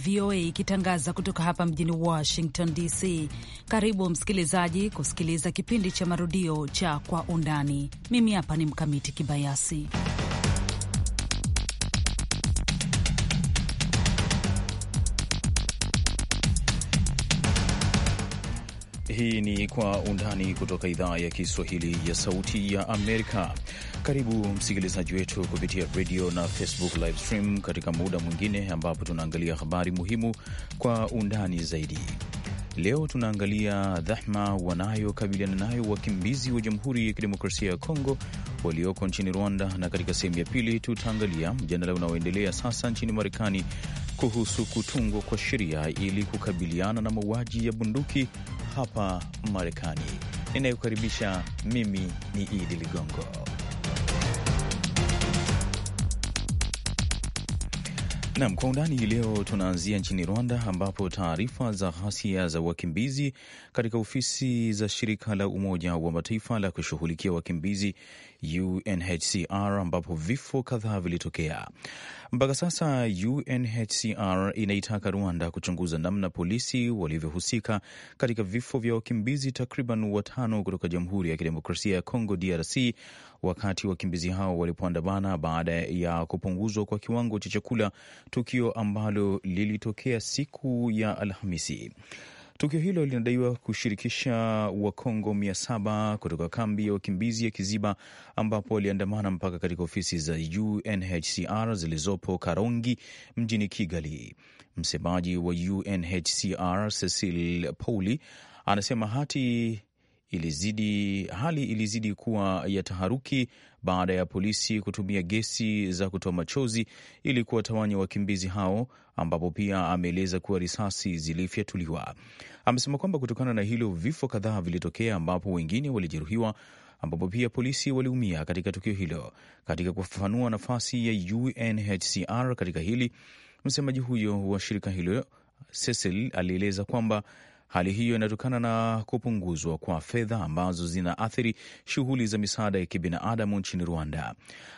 VOA ikitangaza kutoka hapa mjini Washington DC. Karibu msikilizaji kusikiliza kipindi cha marudio cha Kwa Undani. Mimi hapa ni Mkamiti Kibayasi. Hii ni Kwa Undani kutoka idhaa ya Kiswahili ya Sauti ya Amerika. Karibu msikilizaji wetu kupitia radio na Facebook live stream katika muda mwingine ambapo tunaangalia habari muhimu kwa undani zaidi. Leo tunaangalia dhahma wanayokabiliana nayo wakimbizi wa Jamhuri ya Kidemokrasia ya Kongo walioko nchini Rwanda, na katika sehemu ya pili tutaangalia mjadala unaoendelea sasa nchini Marekani kuhusu kutungwa kwa sheria ili kukabiliana na mauaji ya bunduki hapa Marekani. Ninayekukaribisha mimi ni Idi Ligongo. Nam kwa undani hii leo, tunaanzia nchini Rwanda ambapo taarifa za ghasia za wakimbizi katika ofisi za shirika la Umoja wa Mataifa la kushughulikia wakimbizi UNHCR, ambapo vifo kadhaa vilitokea. Mpaka sasa UNHCR inaitaka Rwanda kuchunguza namna polisi walivyohusika katika vifo vya wakimbizi takriban watano kutoka Jamhuri ya Kidemokrasia ya Kongo DRC wakati wakimbizi hao walipoandamana baada ya kupunguzwa kwa kiwango cha chakula, tukio ambalo lilitokea siku ya Alhamisi. Tukio hilo linadaiwa kushirikisha Wakongo mia saba kutoka kambi ya wakimbizi ya Kiziba ambapo waliandamana mpaka katika ofisi za UNHCR zilizopo Karongi mjini Kigali. Msemaji wa UNHCR Cecil pouli anasema hati ilizidi, hali ilizidi kuwa ya taharuki baada ya polisi kutumia gesi za kutoa machozi ili kuwatawanya wakimbizi hao, ambapo pia ameeleza kuwa risasi zilifyatuliwa. Amesema kwamba kutokana na hilo vifo kadhaa vilitokea, ambapo wengine walijeruhiwa ambapo pia polisi waliumia katika tukio hilo. Katika kufafanua nafasi ya UNHCR katika hili, msemaji huyo wa shirika hilo Cecil alieleza kwamba Hali hiyo inatokana na kupunguzwa kwa fedha ambazo zinaathiri shughuli za misaada ya kibinadamu nchini Rwanda.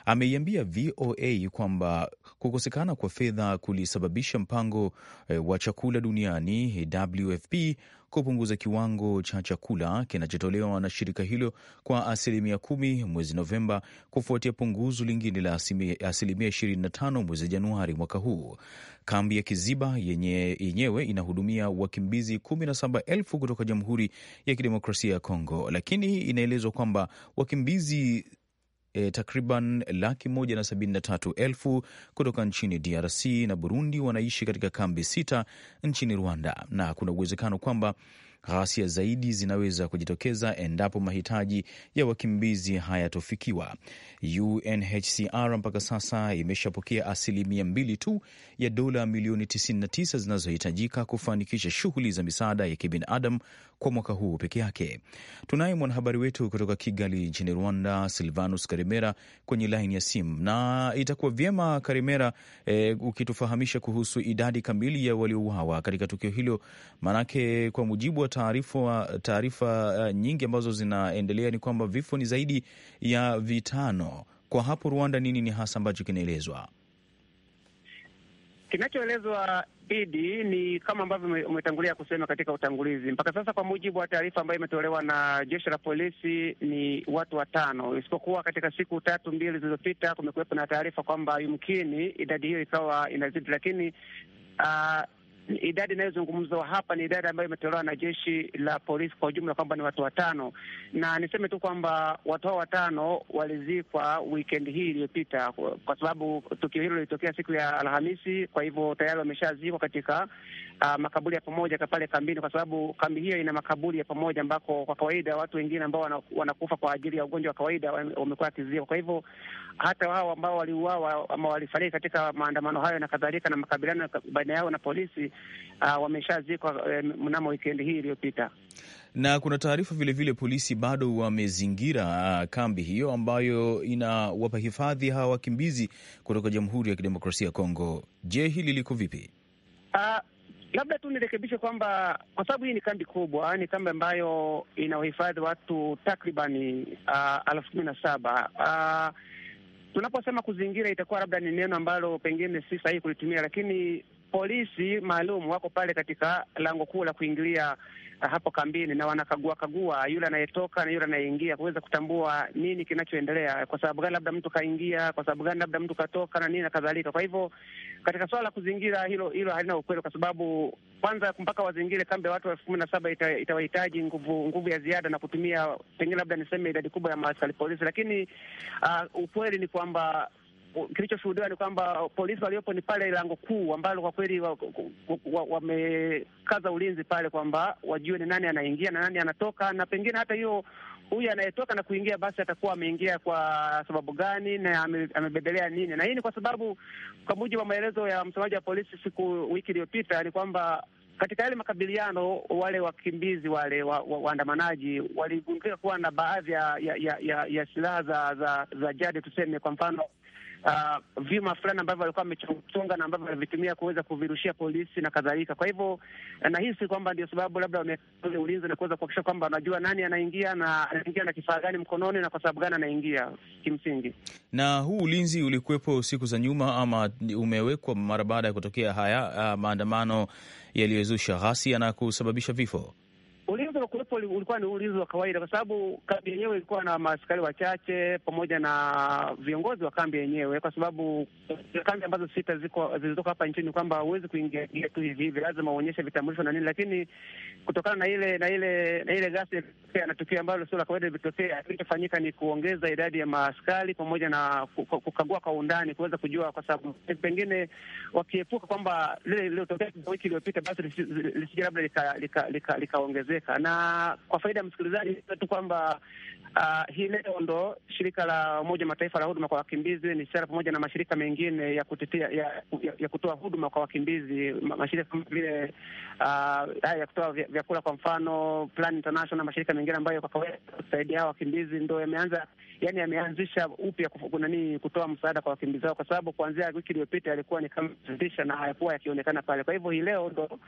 Ameiambia VOA kwamba kukosekana kwa fedha kulisababisha mpango eh, wa chakula duniani WFP kupunguza kiwango cha chakula kinachotolewa na shirika hilo kwa asilimia kumi mwezi Novemba kufuatia punguzo lingine la asilimia ishirini na tano mwezi Januari mwaka huu. Kambi ya Kiziba yenye yenyewe inahudumia wakimbizi kumi na saba elfu kutoka Jamhuri ya Kidemokrasia ya Kongo, lakini inaelezwa kwamba wakimbizi e, takriban laki moja na sabini na tatu elfu kutoka nchini DRC na Burundi wanaishi katika kambi sita nchini Rwanda, na kuna uwezekano kwamba ghasia zaidi zinaweza kujitokeza endapo mahitaji ya wakimbizi hayatofikiwa. UNHCR mpaka sasa imeshapokea asilimia mbili tu ya dola milioni 99 zinazohitajika kufanikisha shughuli za misaada ya kibinadamu kwa mwaka huu peke yake. Tunaye mwanahabari wetu kutoka Kigali nchini Rwanda, Silvanus Karimera kwenye laini ya simu, na itakuwa vyema Karimera, e, ukitufahamisha kuhusu idadi kamili ya waliouawa katika tukio hilo, maanake kwa mujibu wa taarifa taarifa uh, nyingi ambazo zinaendelea ni kwamba vifo ni zaidi ya vitano. Kwa hapo Rwanda, nini ni hasa ambacho kinaelezwa? Kinachoelezwa idi ni kama ambavyo umetangulia kusema katika utangulizi, mpaka sasa, kwa mujibu wa taarifa ambayo imetolewa na jeshi la polisi, ni watu watano, isipokuwa katika siku tatu mbili zilizopita kumekuwepo na taarifa kwamba yumkini idadi hiyo ikawa inazidi, lakini uh, idadi inayozungumzwa hapa ni idadi ambayo imetolewa na jeshi la polisi kwa ujumla kwamba ni watu watano, na niseme tu kwamba watu hao watano walizikwa weekend hii iliyopita, kwa sababu tukio hilo lilitokea siku ya Alhamisi. Kwa hivyo tayari wameshazikwa katika uh, makaburi ya pamoja pale kambini, kwa sababu kambi hiyo ina makaburi ya pamoja ambako kwa kawaida watu wengine ambao wanakufa kwa ajili ya ugonjwa wa kawaida wamekuwa wakizikwa. Kwa hivyo hata wao ambao waliuawa ama walifariki katika maandamano hayo na kadhalika na makabiliano baina yao na polisi uh, wameshazikwa eh, mnamo wikendi hii iliyopita na kuna taarifa vilevile polisi bado wamezingira uh, kambi hiyo ambayo inawapa hifadhi hawa wakimbizi kutoka Jamhuri ya Kidemokrasia ya Kongo. Je, hili liko vipi? Uh, Labda tu nirekebishe kwamba kwa sababu hii ni kambi kubwa, ni kambi ambayo inawahifadhi watu takribani uh, kumi na saba uh, tunaposema kuzingira itakuwa labda ni neno ambalo pengine si sahihi kulitumia, lakini polisi maalum wako pale katika lango kuu la kuingilia hapo kambini, na wanakagua kagua yule anayetoka na yule anayeingia kuweza kutambua nini kinachoendelea, kwa sababu gani labda mtu kaingia, kwa sababu gani labda mtu katoka na nini na kadhalika. Kwa hivyo katika swala la kuzingira, hilo hilo halina ukweli, kwa sababu kwanza mpaka wazingire kambi ya watu elfu kumi na saba itawahitaji ita nguvu nguvu ya ziada na kutumia pengine labda niseme idadi kubwa ya maaskari polisi, lakini uh, ukweli ni kwamba kilichoshuhudiwa ni kwamba polisi waliopo ni pale lango kuu ambalo kwa kweli wamekaza wa, wa, wa ulinzi pale kwamba wajue ni nani anaingia na nani anatoka, na pengine hata hiyo huyu anayetoka na kuingia basi atakuwa ameingia kwa sababu gani na amebebelea nini. Na hii ni kwa sababu kwa mujibu wa maelezo ya msemaji wa polisi siku wiki iliyopita ni kwamba katika yale makabiliano wale wakimbizi wale waandamanaji wa, wa waligundulika kuwa na baadhi ya, ya, ya, ya silaha za, za, za jadi tuseme, kwa mfano uh, vyuma fulani ambavyo walikuwa wamechonga na ambavyo walivitumia kuweza kuvirushia polisi na kadhalika. Kwa hivyo eh, nahisi kwamba ndio sababu labda wamekule ulinzi na kuweza kuhakikisha kwamba wanajua nani anaingia na anaingia na kifaa gani mkononi na kwa sababu gani anaingia kimsingi. Na huu ulinzi ulikuwepo siku za nyuma ama umewekwa mara baada ya kutokea haya uh, maandamano yaliyozusha ghasia na kusababisha vifo. Mchezo uliokuwepo ulikuwa ni ulinzi wa kawaida, kwa sababu kambi yenyewe ilikuwa na maaskari wachache pamoja na viongozi wa kambi yenyewe, kwa sababu kambi ambazo sita ziko hapa nchini kwamba huwezi kuingia tu hivi hivi, lazima uonyeshe vitambulisho na nini. Lakini kutokana na ile na ile na ile gasi na tukio ambalo sio la kawaida lilitokea, kilichofanyika ni kuongeza idadi ya maaskari pamoja na kukagua kwa undani, kuweza kujua, kwa sababu pengine wakiepuka kwamba lile lilotokea wiki iliyopita basi lisije labda likaongezeka na kwa faida ya msikilizaji tu kwamba Uh, hii leo ndo shirika la Umoja Mataifa la huduma kwa wakimbizi ni sera pamoja na mashirika mengine ya kutetea ya, ya, ya kutoa huduma kwa wakimbizi, mashirika kama vile uh, ya kutoa vyakula kwa mfano Plan International, mashirika mengine ambayo kwa kawaida kusaidia hao wakimbizi ndo yameanza yani, yameanzisha upya nanii kutoa msaada kwa wakimbizi wao, kwa sababu kuanzia wiki iliyopita yalikuwa ni kama fundisha na hayakuwa yakionekana pale. Kwa hivyo hii leo ndo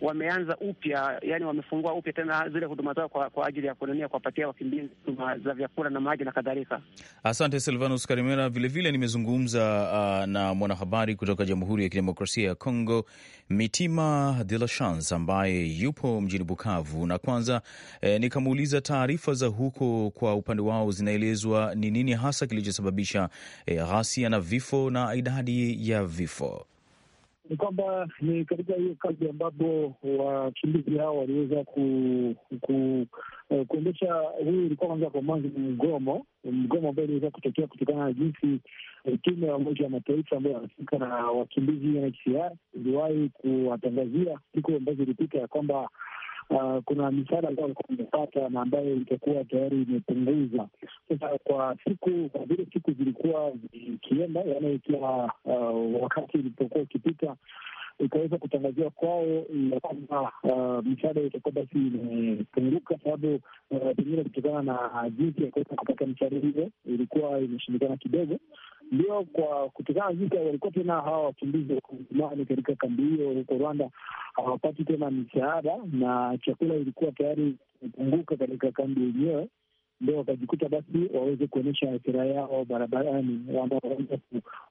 wameanza upya, yani wamefungua upya tena zile huduma zao kwa, kwa ajili ya kunania kuwapatia wakimbizi huduma za vyakula na maji na kadhalika. Asante Silvanus Karimera. Vilevile nimezungumza uh, na mwanahabari kutoka Jamhuri ya Kidemokrasia ya Kongo, Mitima de la Chance, ambaye yupo mjini Bukavu, na kwanza eh, nikamuuliza taarifa za huko kwa upande wao zinaelezwa ni nini hasa kilichosababisha eh, ghasia na vifo na idadi ya vifo ni kwamba ni katika hiyo kazi ambapo wakimbizi hao waliweza ku, ku, uh, kuendesha huu ulikuwa kwanza kwa mwanzo ni mgomo, mgomo ambao iliweza kutokea kutokana na jinsi eh, tume ya Umoja wa Mataifa ambayo wanafika na wakimbizi UNHCR iliwahi kuwatangazia siku ambazo ilipita ya kwamba Uh, kuna misaada ambayo walikuwa wamepata na ambayo itakuwa tayari imepunguza. Sasa kwa siku kwa vile siku zilikuwa zikienda, yaani kila uh, wakati ulipokuwa ukipita ikaweza kutangazia kwao ya kwamba uh, msaada itakuwa basi imepunguka, sababu uh, pengine kutokana na jinsi ya kuweza kupata msaada hiyo ilikuwa imeshindikana kidogo. Ndio kwa kutokana na jinsi walikuwa tena hawa wakimbizi wa Kongomani katika kambi hiyo huko Rwanda hawapati tena misaada na chakula ilikuwa tayari imepunguka katika kambi yenyewe ndio wakajikuta basi waweze kuonyesha asira yao barabarani, ambao waweza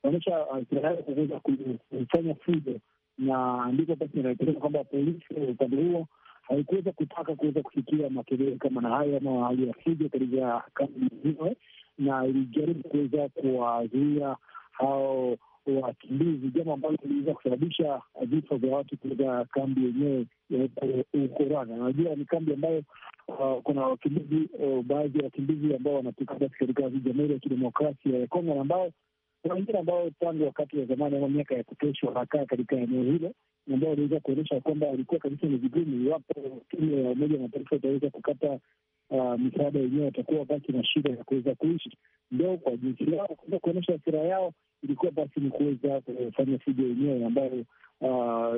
kuonyesha hasira yao kuweza kufanya fujo na ndipo basi inaelekeza kwamba polisi upande huo haikuweza kutaka kuweza kufikia makelele kama na hayo ama hali ya fujo katika kambi yenyewe, na ilijaribu kuweza kuwazuia hao wakimbizi, jambo ambalo liliweza kusababisha vifo vya watu katika kambi yenyewe huko Ukorana. Unajua, ni kambi ambayo uh, kuna wakimbizi, uh, baadhi ya wakimbizi ambao wanatoka basi katika Jamhuri ya Kidemokrasia ya Kongo na ambao kuna wengine ambao tangu wakati wa zamani ama miaka ya kutosha wanakaa katika eneo hilo, ambao waliweza kuonyesha kwamba walikuwa kabisa ni vigumu, iwapo tume ya Umoja Mataifa itaweza kukata ah, misaada yenyewe, watakuwa basi na shida ya kuweza kuishi. ndo kwa jinsi yao kuweza kuonyesha hasira yao ilikuwa basi ni kuweza kufanya fujo yenyewe ambayo Uh,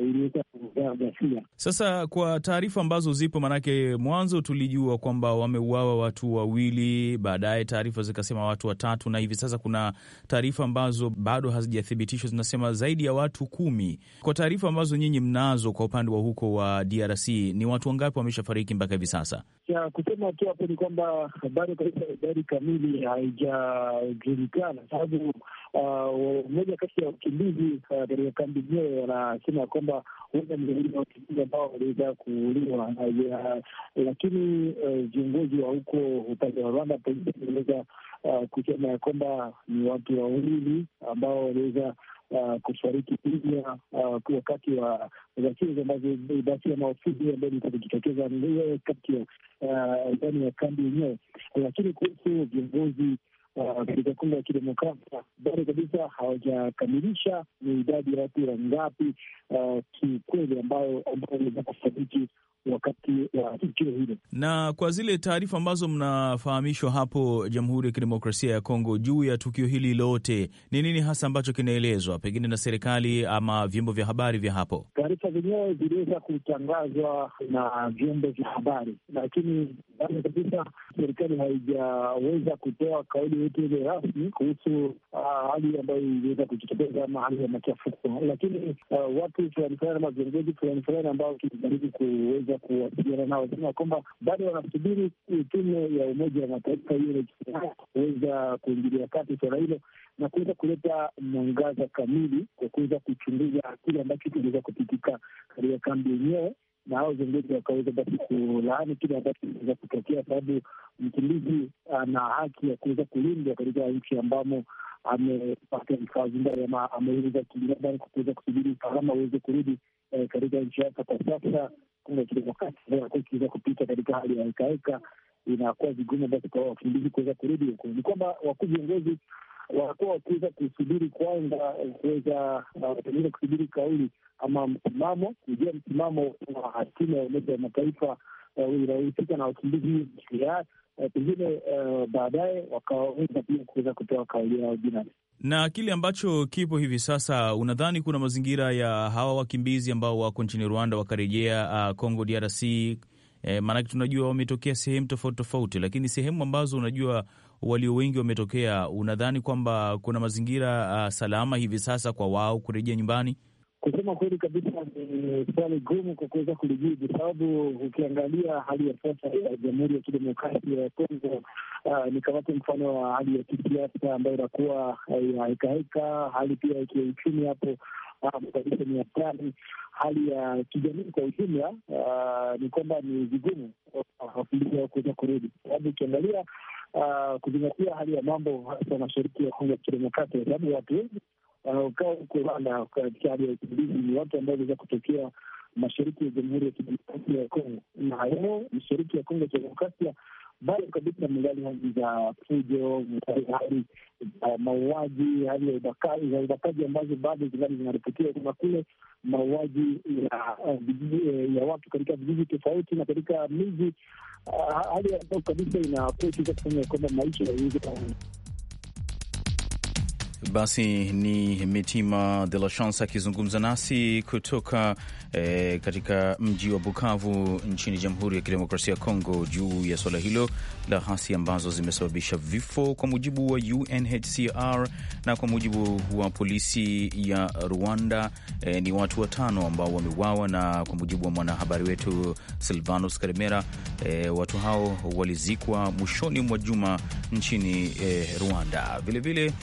sasa kwa taarifa ambazo zipo, maanake mwanzo tulijua kwamba wameuawa watu wawili, baadaye taarifa zikasema watu watatu, na hivi sasa kuna taarifa ambazo bado hazijathibitishwa zinasema zaidi ya watu kumi. Kwa taarifa ambazo nyinyi mnazo kwa upande wa huko wa DRC, ni watu wangapi wameshafariki mpaka hivi sasa? Ya kusema tu hapo ni kwamba bado kabisa idadi kamili haijajulikana, sababu uh, mmoja kati ya wakimbizi uh, katika kambi yenyewe wana anasema ya kwamba huenda mliwili wakimbizi ambao waliweza kuuliwa, lakini eh, viongozi wa huko upande wa Rwanda pengine ah, kusema ya kwamba ni watu wawili ambao waliweza Uh, kufariki pia uh, ah, wakati wa ghasia ambazo basi ya maofisi ambayo ilikuwa ikijitokeza ndani ya kambi yenyewe, lakini kuhusu viongozi Uh, katika Kongo ya Kidemokrasia bado kabisa hawajakamilisha ni idadi ya watu wangapi uh, kiukweli, ambayo waliweza kufariki wakati wa tukio hilo. Na kwa zile taarifa ambazo mnafahamishwa hapo Jamhuri ya Kidemokrasia ya Kongo juu ya tukio hili lote, ni nini hasa ambacho kinaelezwa pengine na serikali ama vyombo vya habari vya hapo? Taarifa zenyewe ziliweza kutangazwa na vyombo vya habari, lakini bado kabisa serikali haijaweza kutoa kauli yote ile rasmi kuhusu ah, hali ambayo iliweza kujitokeza ama hali ya machafuko, lakini uh, watu fulani fulani ama viongozi fulani fulani ambao tunajaribu kuweza kuweza kuwasiliana nao, sema kwamba bado wanasubiri tume ya Umoja wa Mataifa UNHCR kuweza kuingilia kati suala hilo na kuweza kuleta mwangaza kamili kwa kuweza kuchunguza kile ambacho kiliweza kupitika katika kambi yenyewe na hao viongozi wakaweza basi kulaani kile ambacho kinaweza kutokea, sababu mkimbizi ana haki ya kuweza kulindwa katika nchi ambamo amepata hifadhi mbali ama ameweza kibinadamu kwa kuweza kusubiri usalama uweze kurudi eh, katika nchi yake. Kwa sasa ikiweza kupita katika hali ya hekaheka, inakuwa vigumu basi kwa wakimbizi kuweza kurudi huko. Ni kwamba wakuu viongozi wanakuwa wakiweza kusubiri kwanza, eh, kuweza pengine eh, kusubiri kauli ama msimamo, kujua msimamo wa timu ya Umoja wa Mataifa eh, inayohusika na wakimbizi pengine baadaye wakaweza pia kuweza kutoa kauli yao binafsi na kile ambacho kipo hivi sasa, unadhani kuna mazingira ya hawa wakimbizi ambao wako nchini Rwanda wakarejea uh, Congo DRC? E, eh, maanake tunajua wametokea sehemu tofauti tofauti, lakini sehemu ambazo unajua walio wengi wametokea, unadhani kwamba kuna mazingira uh, salama hivi sasa kwa wao kurejea nyumbani? Kusema kweli kabisa, ni swali gumu kwa kuweza kulijibu, sababu ukiangalia hali ya sasa ya Jamhuri ya Kidemokrasia ya Kongo ah, ni kamati mfano wa hali ya kisiasa ambayo inakuwa ah, ya hekaheka, hali pia ya kiuchumi hapo kabisa ah, ni hatari. Hali ya kijamii kwa ujumla ni kwamba ni vigumu wakimbizi hao kuweza kurudi, sababu ukiangalia kuzingatia hali ya mambo hasa mashariki ya Kongo ya Kidemokrasia, sababu watu wengi wanaokaa huko katika hali ya ukimbizi ni watu ambao waliweza kutokea mashariki ya Jamhuri ya Kidemokrasia ya Kongo, na leo mashariki ya Kongo ya Kidemokrasia bado kabisa mngali hali za fujo, hali za mauaji, hali za ubakaji ambazo bado zingali zinaripotiwa kuna kule mauaji eh, eh, ya watu katika vijiji tofauti na katika miji, ah, hali ambayo kabisa inakuwa ikiweza kufanya kwamba maisha yaweze basi ni Mitima de la Chance akizungumza nasi kutoka e, katika mji wa Bukavu nchini Jamhuri ya Kidemokrasia ya Kongo juu ya suala hilo la hasi ambazo zimesababisha vifo kwa mujibu wa UNHCR na kwa mujibu wa polisi ya Rwanda. E, ni watu watano ambao wameuawa, na kwa mujibu wa mwanahabari wetu Silvanus Karimera, e, watu hao walizikwa mwishoni mwa juma nchini e, Rwanda vilevile vile,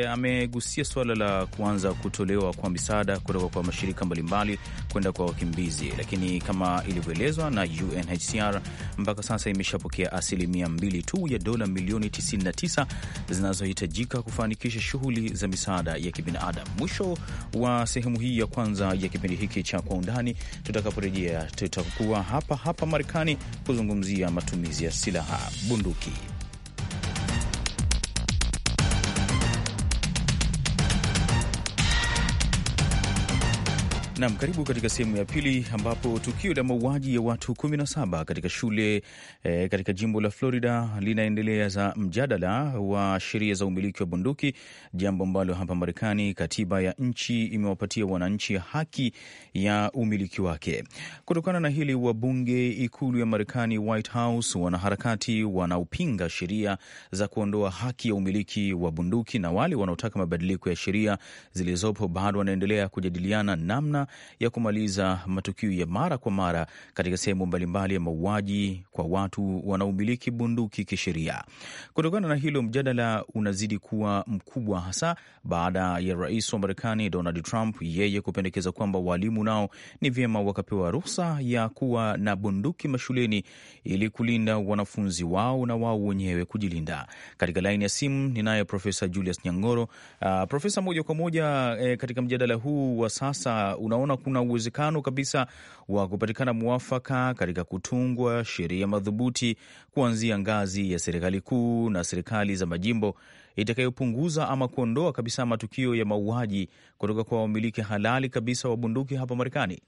e, amegusia suala la kuanza kutolewa kwa misaada kutoka kwa mashirika mbalimbali kwenda kwa wakimbizi, lakini kama ilivyoelezwa na UNHCR mpaka sasa imeshapokea asilimia mbili tu ya dola milioni 99 zinazohitajika kufanikisha shughuli za misaada ya kibinadamu. Mwisho wa sehemu hii ya kwanza ya kipindi hiki cha Kwa Undani. Tutakaporejea tutakuwa hapa hapa Marekani kuzungumzia matumizi ya silaha bunduki. Nam, karibu katika sehemu ya pili ambapo tukio la mauaji ya watu 17 katika shule e, katika jimbo la Florida linaendelea za mjadala wa sheria za umiliki wa bunduki, jambo ambalo hapa Marekani katiba ya nchi imewapatia wananchi haki ya umiliki wake. Kutokana na hili, wabunge ikulu ya Marekani, White House, wanaharakati wanaopinga sheria za kuondoa haki ya umiliki wa bunduki na wale wanaotaka mabadiliko ya sheria zilizopo bado wanaendelea kujadiliana namna ya kumaliza matukio ya mara kwa mara katika sehemu mbalimbali ya mauaji kwa watu wanaomiliki bunduki kisheria. Kutokana na hilo, mjadala unazidi kuwa mkubwa, hasa baada ya rais wa Marekani Donald Trump yeye kupendekeza kwamba walimu nao ni vyema wakapewa ruhusa ya kuwa na bunduki mashuleni ili kulinda wanafunzi wao na wao wenyewe kujilinda. Katika laini ya simu ninaye Profesa Julius Nyang'oro. Uh, profesa, moja kwa moja eh, katika mjadala huu wa sasa una unaona kuna uwezekano kabisa wa kupatikana mwafaka katika kutungwa sheria madhubuti kuanzia ngazi ya serikali kuu na serikali za majimbo itakayopunguza ama kuondoa kabisa matukio ya mauaji kutoka kwa wamiliki halali kabisa wa bunduki hapa Marekani?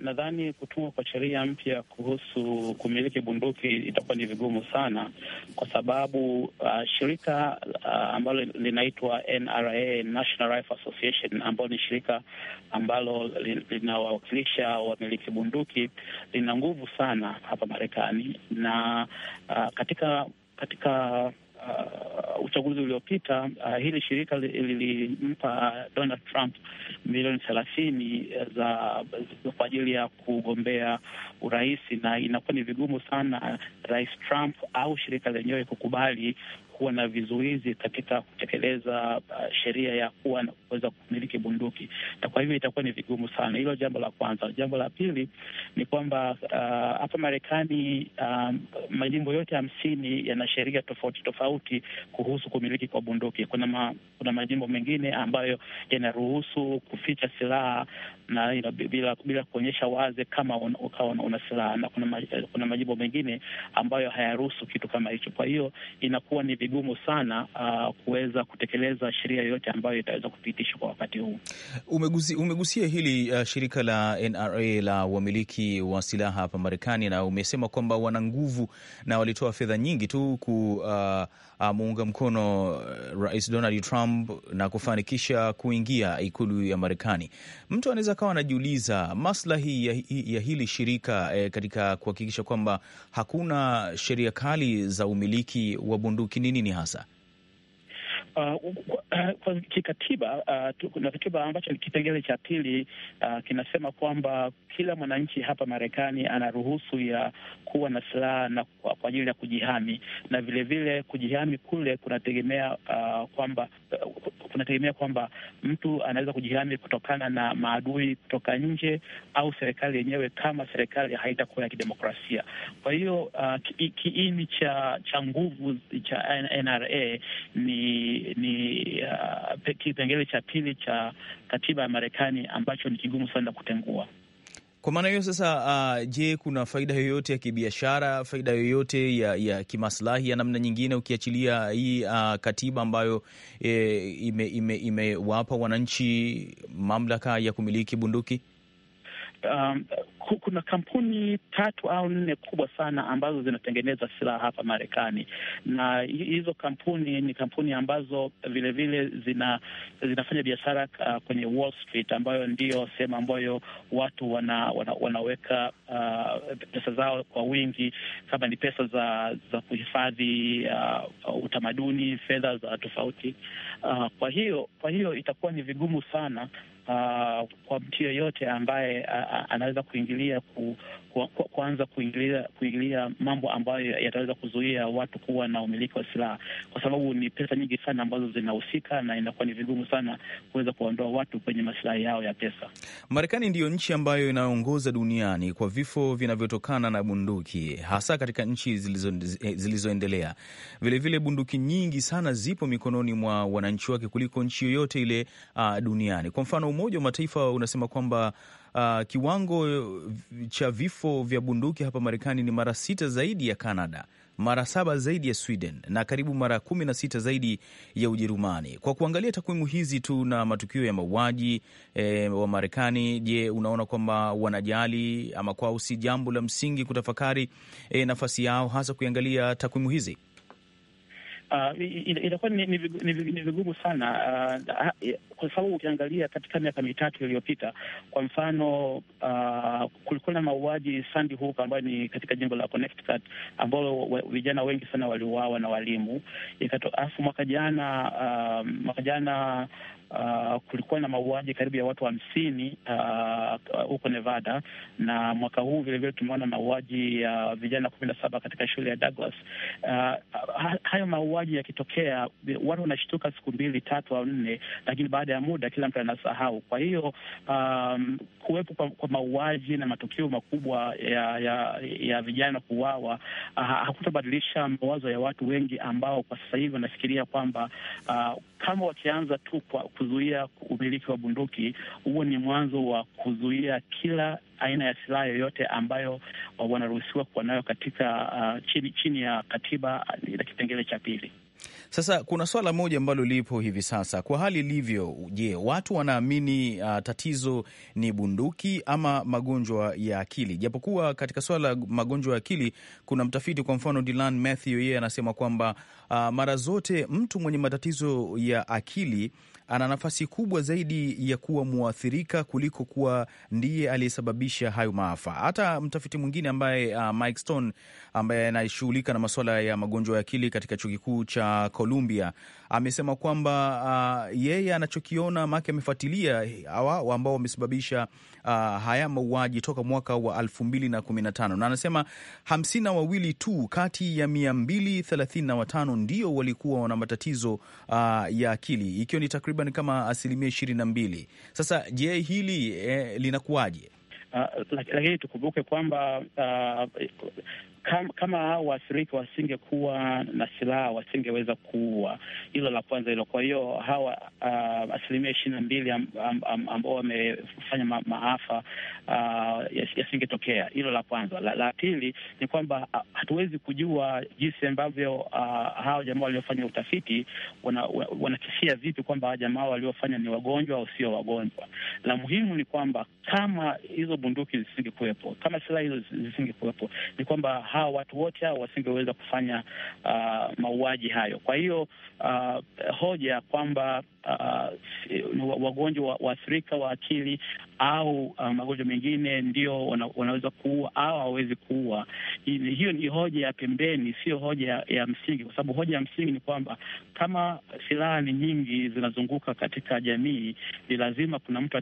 nadhani eh, na, na kutungwa kwa sheria mpya kuhusu kumiliki bunduki itakuwa ni vigumu sana, kwa sababu uh, shirika uh, ambalo linaitwa NRA, National Rifle Association, ambalo ni shirika ambalo linawawakilisha wamiliki bunduki lina nguvu sana hapa Marekani na uh, katika katika uh, uchaguzi uliopita uh, hili shirika lilimpa li, Donald Trump milioni thelathini za kwa ajili ya kugombea urais, na inakuwa ni vigumu sana Rais Trump au shirika lenyewe kukubali kuwa na vizuizi katika kutekeleza uh, sheria ya kuwa na kuweza kumiliki bunduki, na kwa hivyo itakuwa ni vigumu sana. Hilo jambo la kwanza. Jambo la pili ni kwamba uh, hapa uh, Marekani um, majimbo yote hamsini yana sheria tofauti tofauti kuhusu kumiliki kwa bunduki. Kuna, ma, kuna majimbo mengine ambayo yanaruhusu kuficha silaha na ina, bila, bila kuonyesha wazi kama ukawa una silaha, na kuna, ma, kuna majimbo mengine ambayo hayaruhusu kitu kama hicho. Kwa hiyo inakuwa ni vigumu sana uh, kuweza kutekeleza sheria yoyote ambayo itaweza kupitishwa kwa wakati huu. Umegusi, umegusia hili uh, shirika la NRA la wamiliki wa silaha hapa Marekani, na umesema kwamba wana nguvu na walitoa fedha nyingi tu ku uh, ameunga ah, mkono eh, Rais Donald Trump na kufanikisha kuingia ikulu ya Marekani. Mtu anaweza akawa anajiuliza maslahi ya, ya hili shirika eh, katika kuhakikisha kwamba hakuna sheria kali za umiliki wa bunduki ni nini hasa? Uh, kwa kikatiba uh, kuna katiba ambacho ni kipengele cha pili uh, kinasema kwamba kila mwananchi hapa Marekani ana ruhusu ya kuwa na silaha na kwa ajili ya kujihami, na vilevile vile kujihami kule kunategemea uh, kwamba uh, kunategemea kwamba mtu anaweza kujihami kutokana na maadui kutoka nje au serikali yenyewe, kama serikali haitakuwa ya kidemokrasia. Kwa hiyo uh, kiini ki cha cha nguvu cha NRA ni ni uh, kipengele cha pili cha katiba ya Marekani ambacho ni kigumu sana kutengua. Kwa maana hiyo sasa, uh, je, kuna faida yoyote ya kibiashara, faida yoyote ya, ya kimaslahi ya namna nyingine, ukiachilia hii uh, katiba ambayo e, imewapa ime, ime wananchi mamlaka ya kumiliki bunduki? Um, kuna kampuni tatu au nne kubwa sana ambazo zinatengeneza silaha hapa Marekani, na hizo kampuni ni kampuni ambazo vilevile vile zina, zinafanya biashara uh, kwenye Wall Street, ambayo ndiyo sehemu ambayo watu wana, wana, wanaweka uh, pesa zao kwa wingi, kama ni pesa za za kuhifadhi uh, utamaduni, fedha za tofauti uh, kwa hiyo kwa hiyo itakuwa ni vigumu sana uh, kwa mtu yoyote ambaye uh, anaweza kuingilia ku, kuanza kuingilia kuingilia mambo ambayo yataweza kuzuia watu kuwa na umiliki wa silaha, kwa sababu ni pesa nyingi sana ambazo zinahusika, na inakuwa ni vigumu sana kuweza kuwaondoa watu kwenye masilahi yao ya pesa. Marekani ndiyo nchi ambayo inaongoza duniani kwa vifo vinavyotokana na bunduki, hasa katika nchi zilizoendelea. Vilevile bunduki nyingi sana zipo mikononi mwa wananchi wake kuliko nchi yoyote ile uh, duniani. Kwa mfano, Umoja wa Mataifa unasema kwamba Uh, kiwango cha vifo vya bunduki hapa Marekani ni mara sita zaidi ya Canada, mara saba zaidi ya Sweden na karibu mara kumi na sita zaidi ya Ujerumani. Kwa kuangalia takwimu hizi tu na matukio ya mauaji e, wa Marekani, je, unaona kwamba wanajali ama kwao si jambo la msingi kutafakari e, nafasi yao hasa kuiangalia takwimu hizi? Uh, inakuwa ni vigumu sana uh, kwa sababu ukiangalia katika miaka mitatu iliyopita, kwa mfano uh, kulikuwa na mauaji Sandy Hook ambayo ni katika jimbo la Connecticut ambao vijana wengi sana waliuawa na walimu. Alafu mwaka jana uh, mwaka jana Uh, kulikuwa na mauaji karibu ya watu hamsini wa uh, huko uh, Nevada, na mwaka huu vilevile tumeona mauaji ya uh, vijana kumi na saba katika shule ya Douglas. Uh, hayo mauaji yakitokea, watu wanashtuka siku mbili tatu au nne, lakini baada baada ya muda kila mtu anasahau. Kwa hiyo um, kuwepo kwa, kwa mauaji na matukio makubwa ya ya, ya vijana kuuawa uh, hakutabadilisha mawazo ya watu wengi ambao kwa sasa hivi wanafikiria kwamba uh, kama wakianza tu kwa kuzuia umiliki wa bunduki, huo ni mwanzo wa kuzuia kila aina ya silaha yoyote ambayo wanaruhusiwa kuwa nayo katika uh, chini, chini ya katiba na kipengele cha pili. Sasa kuna swala moja ambalo lipo hivi sasa, kwa hali ilivyo, je, watu wanaamini uh, tatizo ni bunduki ama magonjwa ya akili? Japokuwa katika swala la magonjwa ya akili kuna mtafiti, kwa mfano Dylan Matthew, yeye anasema kwamba uh, mara zote mtu mwenye matatizo ya akili ana nafasi kubwa zaidi ya kuwa mwathirika kuliko kuwa ndiye aliyesababisha hayo maafa. Hata mtafiti mwingine ambaye uh, Mike Stone ambaye anashughulika na masuala ya magonjwa ya akili katika chuo kikuu cha Columbia amesema kwamba uh, yeye anachokiona make amefuatilia hawa ambao wamesababisha uh, haya mauaji toka mwaka wa elfu mbili na kumi na tano na anasema hamsini na wawili tu kati ya mia mbili thelathini na watano ndio walikuwa wana matatizo uh, ya akili ikiwa ni takriban kama asilimia ishirini na mbili. Sasa je, hili eh, linakuwaje? Uh, lakini tukumbuke kwamba uh, Kam, kama hao waathirika wasingekuwa na silaha wasingeweza kuua, hilo la kwanza hilo. Kwa hiyo hawa uh, asilimia ishirini na mbili ambao am, am, wamefanya ma, maafa uh, yasingetokea, hilo la kwanza. La, la pili ni kwamba uh, hatuwezi kujua jinsi ambavyo uh, hawa jamaa waliofanya utafiti wanakisia wana, wana vipi kwamba jamaa waliofanya ni wagonjwa au sio wagonjwa. La muhimu ni kwamba kama hizo bunduki zisingekuwepo, kama silaha hizo zisingekuwepo, ni kwamba hawa watu wote hao wasingeweza kufanya uh, mauaji hayo. Kwa hiyo uh, hoja kwamba uh, wagonjwa waathirika wa akili au uh, magonjwa mengine ndio wana, wanaweza kuua au hawawezi kuua. Hiyo ni hoja ya pembeni, sio hoja ya, msingi, kwa sababu hoja ya msingi ni kwamba kama silaha ni nyingi zinazunguka katika jamii, ni lazima kuna mtu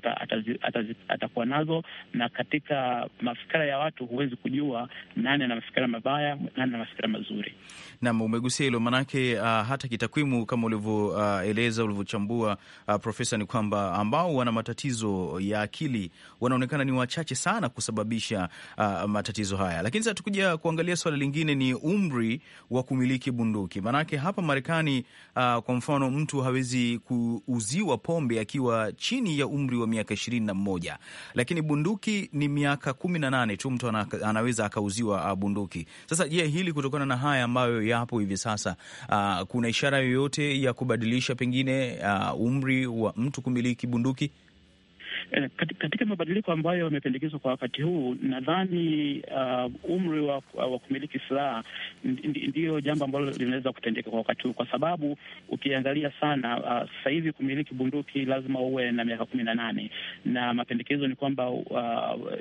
atakuwa nazo, na katika mafikira ya watu huwezi kujua nani ana mafikira mabaya, nani ana mafikira mazuri. Naam, umegusia hilo maanake, uh, hata kitakwimu kama ulivyoeleza, uh, ulivyochambua kuchambua uh, profesa, ni kwamba ambao wana matatizo ya akili wanaonekana ni wachache sana kusababisha uh, matatizo haya. Lakini sasa tukuja kuangalia swala lingine, ni umri wa kumiliki bunduki. Maanake hapa Marekani uh, kwa mfano mtu hawezi kuuziwa pombe akiwa chini ya umri wa miaka ishirini na mmoja, lakini bunduki ni miaka kumi na nane tu mtu anaweza akauziwa uh, bunduki. Sasa je, hili kutokana na haya ambayo yapo hivi sasa, uh, kuna ishara yoyote ya kubadilisha pengine uh, umri wa mtu kumiliki bunduki? Eh, katika mabadiliko ambayo yamependekezwa kwa wakati huu, nadhani uh, umri wa, wa kumiliki silaha ndiyo jambo ambalo linaweza kutendeka kwa wakati huu, kwa sababu ukiangalia sana uh, sasa hivi kumiliki bunduki lazima uwe na miaka kumi na nane na mapendekezo ni kwamba uh,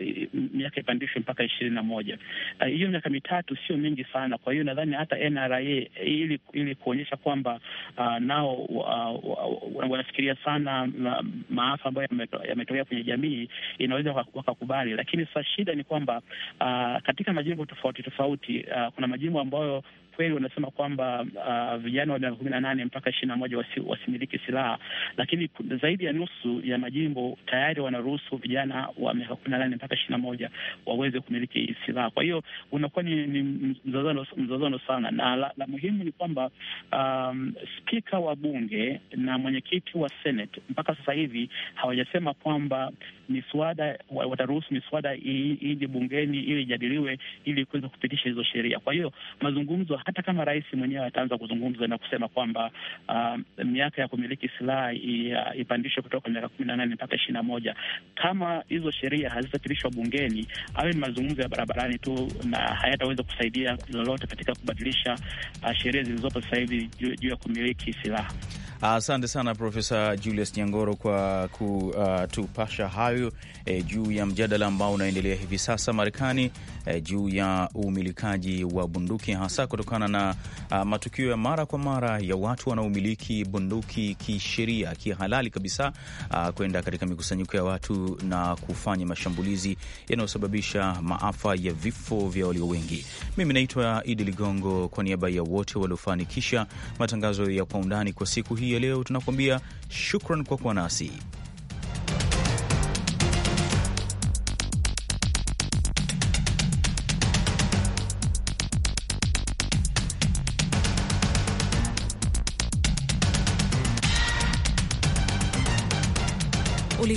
miaka ipandishwe mpaka ishirini na moja. Uh, hiyo uh, miaka mitatu sio mingi sana. Kwa hiyo nadhani hata NRA ili, ili kuonyesha kwamba uh, nao uh, wanafikiria sana uh, maafa ambayo yametokea kuendelea kwenye jamii inaweza wakakubali, lakini sasa shida ni kwamba uh, katika majimbo tofauti tofauti uh, kuna majimbo ambayo kweli wanasema kwamba uh, vijana wa miaka kumi na nane mpaka ishirini na moja wasi, wasimiliki silaha, lakini zaidi ya nusu ya majimbo tayari wanaruhusu vijana wa miaka kumi na nane mpaka ishirini na moja waweze kumiliki silaha. Kwa hiyo unakuwa ni, ni mzozano, mzozano sana, na la, la muhimu ni kwamba um, spika wa bunge na mwenyekiti wa Senate mpaka sasa hivi hawajasema kwamba miswada wataruhusu miswada iindi bungeni ili ijadiliwe ili kuweza kupitisha hizo sheria. Kwa hiyo mazungumzo hata kama rais mwenyewe ataanza kuzungumza na kusema kwamba uh, miaka ya kumiliki silaha uh, ipandishwe kutoka miaka kumi na nane mpaka ishirini na moja kama hizo sheria hazitapitishwa bungeni, ayo ni mazungumzo ya barabarani tu na hayataweza kusaidia lolote katika kubadilisha uh, sheria zilizopo sasa hivi juu ya kumiliki silaha. Asante sana Profesa Julius Nyangoro kwa kutupasha uh, hayo eh, juu ya mjadala ambao unaendelea hivi sasa Marekani eh, juu ya umilikaji wa bunduki hasa kutokana na uh, matukio ya mara kwa mara ya watu wanaomiliki bunduki kisheria, kihalali kabisa uh, kwenda katika mikusanyiko ya watu na kufanya mashambulizi yanayosababisha maafa ya vifo vya walio wengi. Mimi naitwa Idi Ligongo, kwa niaba ya wote waliofanikisha matangazo ya kwa undani kwa siku hii ya leo tunakuambia shukran kwa kuwa nasi.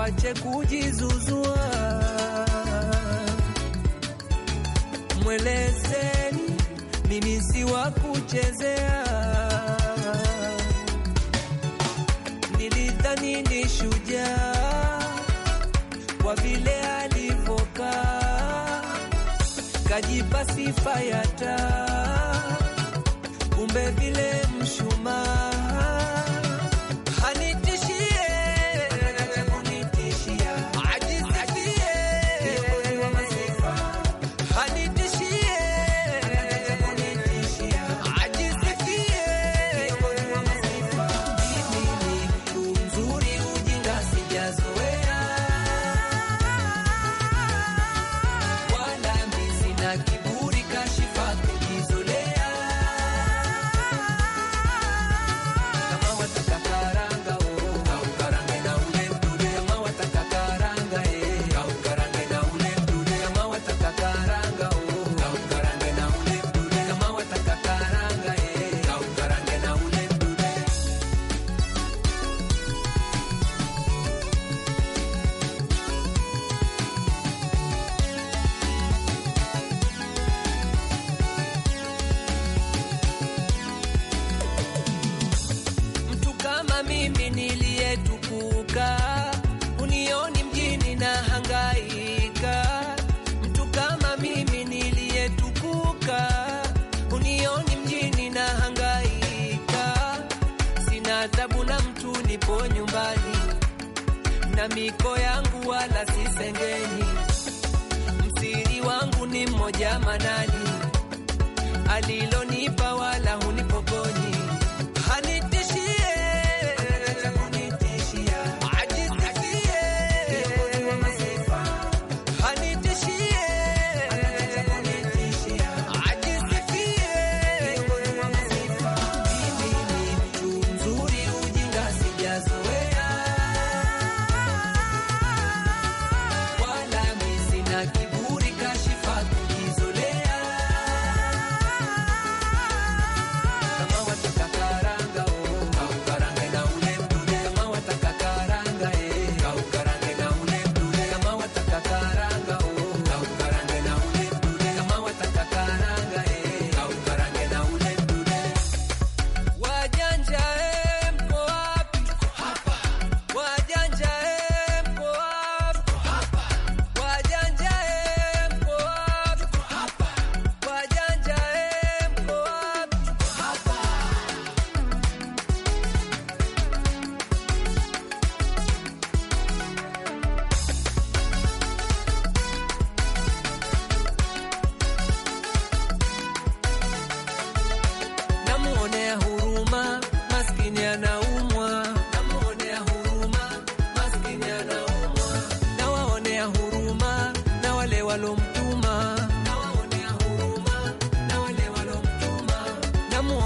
tuache kujizuzua, mwelezeni mimi si wa kuchezea. Nilidhani ni shujaa kwa vile alivyokaa, kajipa sifa ya taa, kumbe vile mshumaa na miko yangu wala sisengeni msiri wangu ni mmoja manani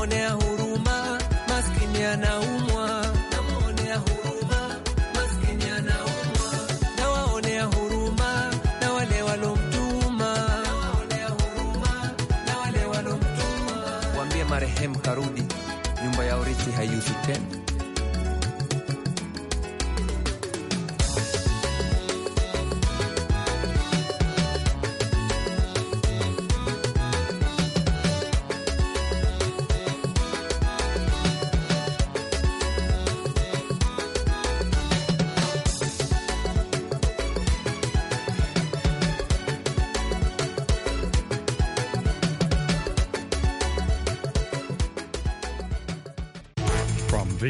namwonea huruma maskini anaumwa, namwonea huruma maskini anaumwa, nawaonea huruma na wale walomtuma, nawaonea huruma na wale walomtuma. Wambie marehemu karudi, nyumba ya urithi haiuzwi tena.